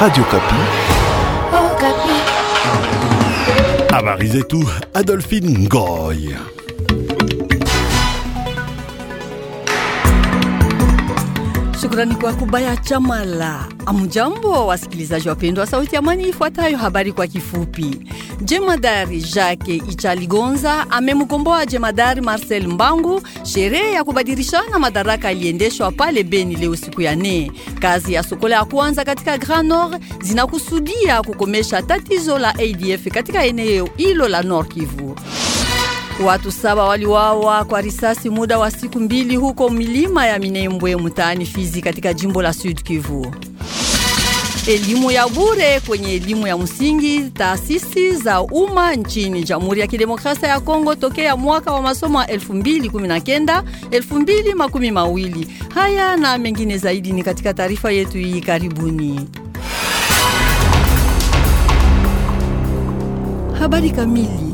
Radio Capi. Oh, tout, Adolphine Goy. Shukrani kwa Kubaya Chamala. Amjambo wasikilizaji wapendwa, sauti ya Amani. Ifuatayo habari kwa kifupi. Jemadari Jacques Ichaligonza amemkomboa jemadari Marcel Mbangu. Sherehe ya kubadilishana madaraka iliendeshwa pale Beni leo siku ya nne. Kazi ya sokola ya kwanza katika Grand Nord zinakusudia kukomesha tatizo la ADF katika eneo hilo la Nord Kivu. Watu saba waliwawa kwa risasi muda wa siku mbili huko milima ya Minembwe mtaani Fizi katika jimbo la Sud Kivu. Elimu ya bure kwenye elimu ya msingi taasisi za umma nchini Jamhuri ya Kidemokrasia ya Kongo tokea mwaka wa masomo wa 2019 2020. Haya na mengine zaidi ni katika taarifa yetu hii, karibuni. Habari kamili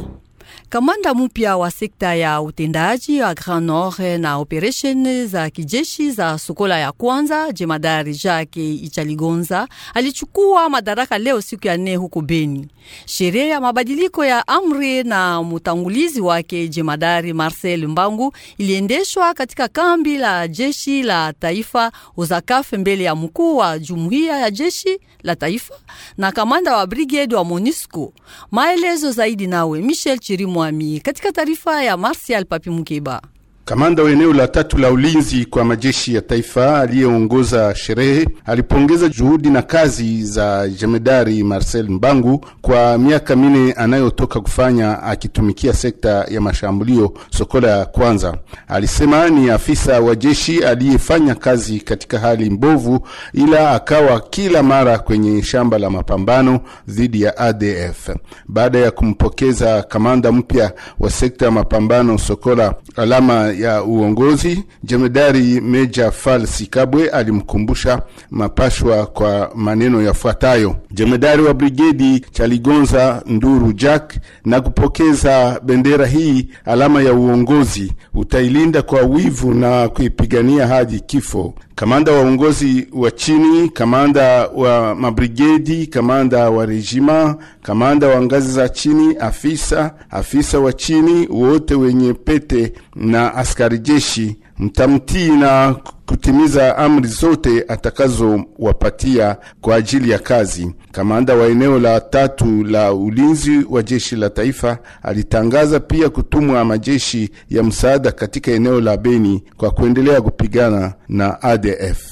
Kamanda mpya wa sekta ya utendaji wa Grand Nord na operation za kijeshi za Sokola ya kwanza, jemadari Jacques Ichaligonza alichukua madaraka leo siku ya nne huko Beni. Sherehe ya mabadiliko ya amri na mtangulizi wake jemadari Marcel Mbangu iliendeshwa katika kambi la jeshi la taifa Uzakafe mbele ya mkuu wa jumuiya ya jeshi la taifa na kamanda wa brigade wa Monisco. Maelezo zaidi nawe Michel Chirimu. Mwami. Katika taarifa ya Martial Papi Mukeba. Kamanda wa eneo la tatu la ulinzi kwa majeshi ya taifa aliyeongoza sherehe alipongeza juhudi na kazi za jemedari Marcel Mbangu kwa miaka minne anayotoka kufanya akitumikia sekta ya mashambulio Sokola ya kwanza. Alisema ni afisa wa jeshi aliyefanya kazi katika hali mbovu, ila akawa kila mara kwenye shamba la mapambano dhidi ya ADF. Baada ya kumpokeza kamanda mpya wa sekta ya mapambano Sokola alama ya uongozi, jemedari Meja Falsi Kabwe alimkumbusha mapashwa kwa maneno yafuatayo. Jemedari wa brigedi Chaligonza Nduru Jack, na kupokeza bendera hii, alama ya uongozi, utailinda kwa wivu na kuipigania hadi kifo. Kamanda wa uongozi wa chini, kamanda wa mabrigedi, kamanda wa rejima, kamanda wa ngazi za chini, afisa afisa wa chini, wote wenye pete na askari jeshi, mtamtii na kutimiza amri zote atakazowapatia kwa ajili ya kazi. Kamanda wa eneo la tatu la ulinzi wa jeshi la taifa alitangaza pia kutumwa majeshi ya msaada katika eneo la Beni kwa kuendelea kupigana na ADF.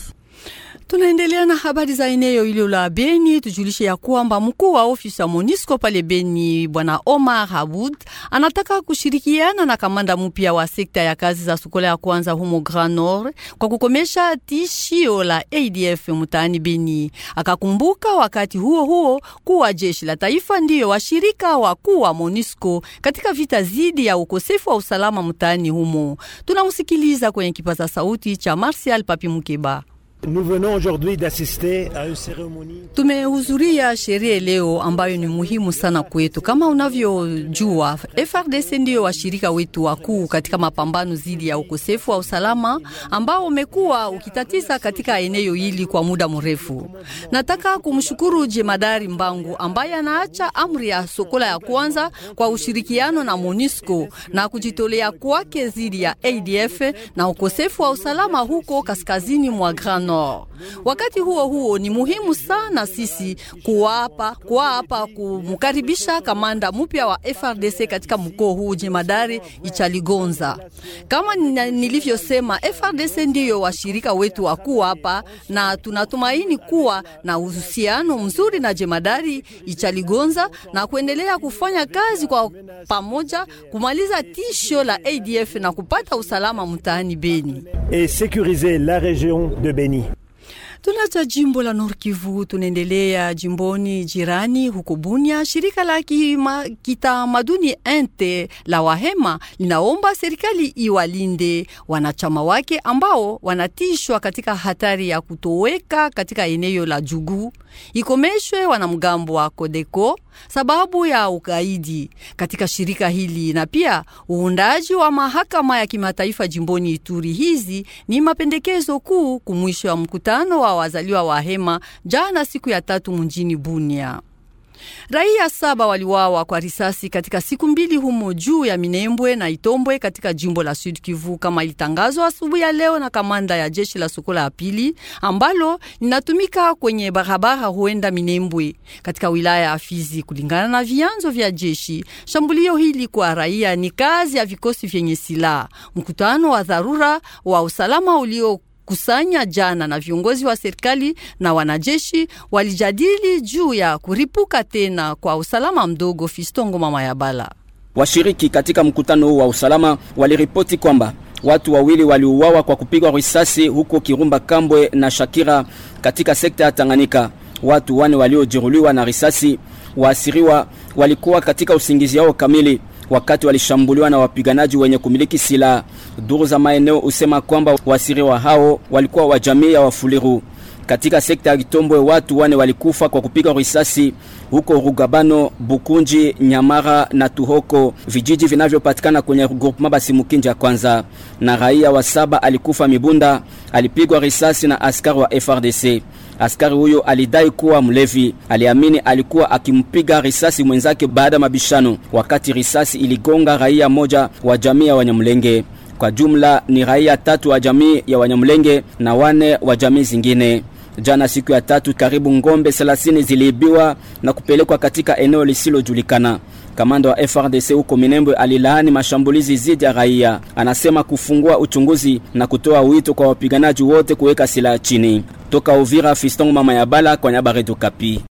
Tunaendelea na habari za eneo hilo la Beni. Tujulishe ya kwamba mkuu wa ofisi ya MONUSCO pale Beni, bwana Omar Habud, anataka kushirikiana na kamanda mpya wa sekta ya kazi za sukola ya kwanza humo Grand Nord kwa kukomesha tishio la ADF mtaani Beni. Akakumbuka wakati huo huo kuwa jeshi la taifa ndiyo washirika wakuu wa MONUSCO katika vita dhidi ya ukosefu wa usalama mtaani humo. Tunamsikiliza kwenye kipaza sauti cha Martial Papi Mukeba. Tumehudhuria sherehe leo ambayo ni muhimu sana kwetu. Kama unavyojua, FRDC ndiyo washirika wetu wakuu katika mapambano dhidi ya ukosefu wa usalama ambao umekuwa ukitatiza katika eneo hili kwa muda mrefu. Nataka kumshukuru Jemadari Mbangu ambaye anaacha amri ya Sokola ya kwanza kwa ushirikiano na MONUSCO na kujitolea kwake dhidi ya ADF na ukosefu wa usalama huko kaskazini mwa Grano. Nord. Wakati huo huo, ni muhimu sana sisi kuwapa kuwapa kumkaribisha kamanda mpya wa FRDC katika mkoa huu jemadari Ichaligonza. Kama nilivyosema, FRDC ndiyo washirika wetu wakuu hapa, na tunatumaini kuwa na uhusiano mzuri na jemadari Ichaligonza na kuendelea kufanya kazi kwa pamoja kumaliza tisho la ADF na kupata usalama mtaani Beni et sécuriser la région de Beni. Tunacha jimbo la Nord Kivu, tunaendelea jimboni jirani huko Bunia. Shirika la kitamaduni Ente la Wahema linaomba serikali iwalinde wanachama wake ambao wanatishwa katika hatari ya kutoweka katika eneo la Jugu, ikomeshwe wanamgambo wa Kodeko sababu ya ugaidi katika shirika hili, na pia uundaji wa mahakama ya kimataifa jimboni Ituri. Hizi ni mapendekezo kuu kumwisho wa mkutano wa wa wazaliwa wa Hema jana siku ya tatu mjini Bunia. Raia saba waliwawa kwa risasi katika siku mbili humo juu ya Minembwe na Itombwe katika jimbo la Sud Kivu, kama ilitangazwa asubuhi ya leo na kamanda ya jeshi la Sokola ya pili ambalo linatumika kwenye barabara huenda Minembwe katika wilaya ya Fizi. Kulingana na vyanzo vya jeshi, shambulio hili kwa raia ni kazi ya vikosi vyenye silaha. Mkutano wa dharura wa usalama ulio kusanya jana na viongozi wa serikali na wanajeshi walijadili juu ya kuripuka tena kwa usalama mdogo. Fistongo mama ya bala washiriki katika mkutano huu wa usalama waliripoti kwamba watu wawili waliuawa kwa kupigwa risasi huko Kirumba Kambwe na Shakira katika sekta ya Tanganyika. Watu wane waliojeruhiwa na risasi, waasiriwa walikuwa katika usingizi wao kamili wakati walishambuliwa na wapiganaji wenye kumiliki silaha. Duru za maeneo husema kwamba wasiriwa hao walikuwa wa jamii ya Wafuliru. Katika sekta ya Kitombwe watu wane walikufa kwa kupiga risasi huko Rugabano, Bukunji, Nyamara na Tuhoko, vijiji vinavyopatikana kwenye groupement Basimukinji ya kwanza. Na raia wa saba alikufa Mibunda, alipigwa risasi na askari wa FRDC. Askari huyo alidai kuwa mlevi, aliamini alikuwa akimpiga risasi mwenzake baada ya mabishano, wakati risasi iligonga raia moja wa jamii ya Wanyamulenge. Kwa jumla ni raia tatu wa jamii ya Wanyamulenge na wane wa jamii zingine. Jana siku ya tatu, karibu ng'ombe 30 ziliibiwa na kupelekwa katika eneo lisilojulikana. Kamanda wa FRDC huko Minembwe alilaani mashambulizi dhidi ya raia, anasema kufungua uchunguzi na kutoa wito kwa wapiganaji wote kuweka silaha chini. Toka Uvira, Fiston Mama ya Bala kwa Nyabaredu Kapi.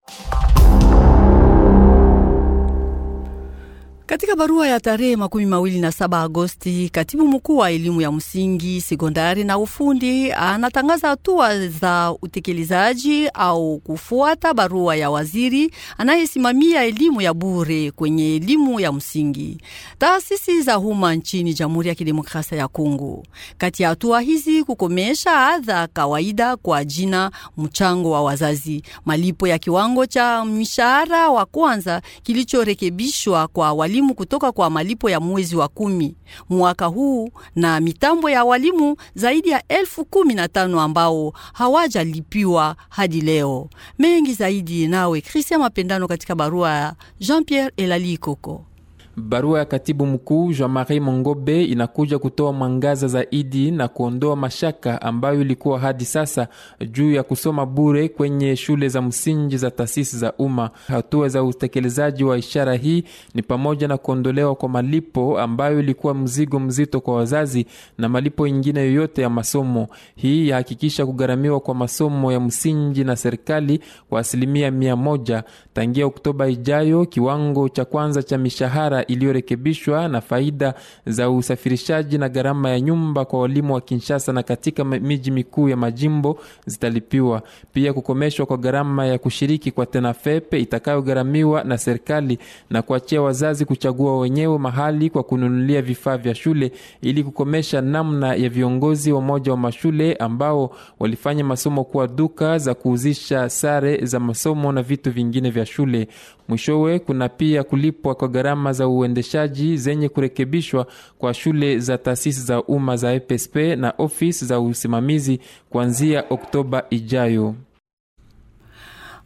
Katika barua ya tarehe makumi mawili na saba Agosti, katibu mkuu wa elimu ya msingi, sekondari na ufundi anatangaza hatua za utekelezaji au kufuata barua ya waziri anayesimamia elimu ya bure kwenye elimu ya msingi, taasisi za umma nchini Jamhuri ya Kidemokrasia ya Kongo. Kati ya hatua hizi, kukomesha adha kawaida kwa jina mchango wa wazazi, malipo ya kiwango cha mshahara wa kwanza kilichorekebishwa kwa walimu walimu kutoka kwa malipo ya mwezi wa kumi mwaka huu na mitambo ya walimu zaidi ya elfu kumi na tano ambao hawajalipiwa hadi leo. Mengi zaidi nawe Christian Mapendano katika barua ya Jean-Pierre Elali Ikoko. Barua ya katibu mkuu Jean-Marie Mongobe inakuja kutoa mwangaza zaidi na kuondoa mashaka ambayo ilikuwa hadi sasa juu ya kusoma bure kwenye shule za msingi za taasisi za umma. Hatua za utekelezaji wa ishara hii ni pamoja na kuondolewa kwa malipo ambayo ilikuwa mzigo mzito kwa wazazi na malipo ingine yoyote ya masomo. Hii yahakikisha kugharamiwa kwa masomo ya msingi na serikali kwa asilimia mia moja tangia Oktoba ijayo. Kiwango cha kwanza cha mishahara iliyorekebishwa na faida za usafirishaji na gharama ya nyumba kwa walimu wa Kinshasa na katika miji mikuu ya majimbo zitalipiwa. Pia kukomeshwa kwa gharama ya kushiriki kwa Tenafepe itakayogharamiwa na serikali na kuachia wazazi kuchagua wenyewe mahali kwa kununulia vifaa vya shule ili kukomesha namna ya viongozi wa moja wa mashule ambao walifanya masomo kuwa duka za kuuzisha sare za masomo na vitu vingine vya shule. Mwishowe, kuna pia kulipwa kwa gharama za uendeshaji zenye kurekebishwa kwa shule za taasisi za umma za EPSP na ofisi za usimamizi kuanzia Oktoba ijayo.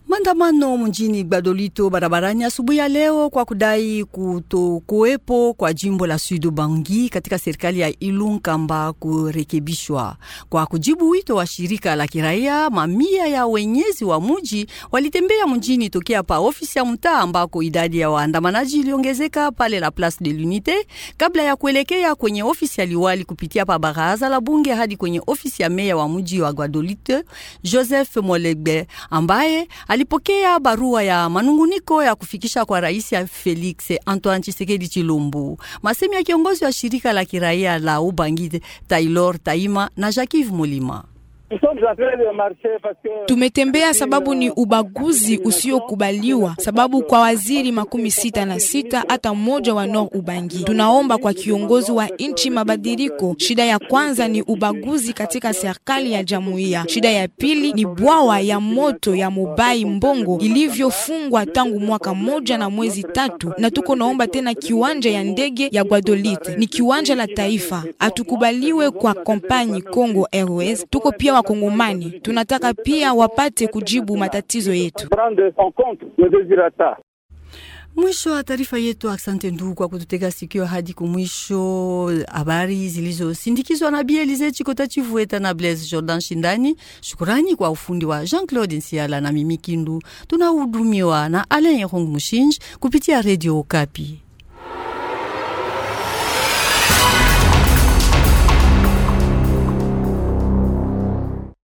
Maandamano mjini Gbadolito barabarani asubuhi ya leo kwa kudai kutokuwepo kwa jimbo la Sud Ubangi katika serikali ya Ilunkamba kurekebishwa. Kwa kujibu wito wa shirika la kiraia, mamia ya wenyezi wa muji walitembea mjini tokea pa ofisi ya mtaa ambako idadi ya waandamanaji iliongezeka pale la Place de l'Unite kabla ya kuelekea kwenye ofisi ya liwali kupitia pa baraza la bunge hadi kwenye ofisi ya meya wa muji wa Gbadolito Joseph Molegbe ambaye alipokea barua ya manunguniko ya kufikisha kwa rais ya Felix Antoine Tshisekedi Chilombo, masemi ya kiongozi wa shirika la kiraia la Ubangi Taylor Taima na Jacques Mulima. Tumetembea sababu ni ubaguzi usiokubaliwa, sababu kwa waziri makumi sita na sita hata mmoja wa Nord Ubangi. Tunaomba kwa kiongozi wa nchi mabadiliko. Shida ya kwanza ni ubaguzi katika serikali ya jamuiya. Shida ya pili ni bwawa ya moto ya Mobai Mbongo ilivyofungwa tangu mwaka moja na mwezi tatu, na tuko naomba tena kiwanja ya ndege ya Guadolite, ni kiwanja la taifa, hatukubaliwe kwa kompanyi Congo Airways. Tuko pia wakongomani, tunataka pia wapate kujibu matatizo yetu. Mwisho wa taarifa yetu. Asante ndugu kwa kututega sikio hadi kumwisho. Habari zilizosindikizwa na Bi Elize Chikota Chivueta na Blaise Jordan Shindani. Shukurani kwa ufundi wa Jean-Claude Nsiala na Mimi Kindu. Tunahudumiwa na Alain Rong Mushinji kupitia Radio Okapi.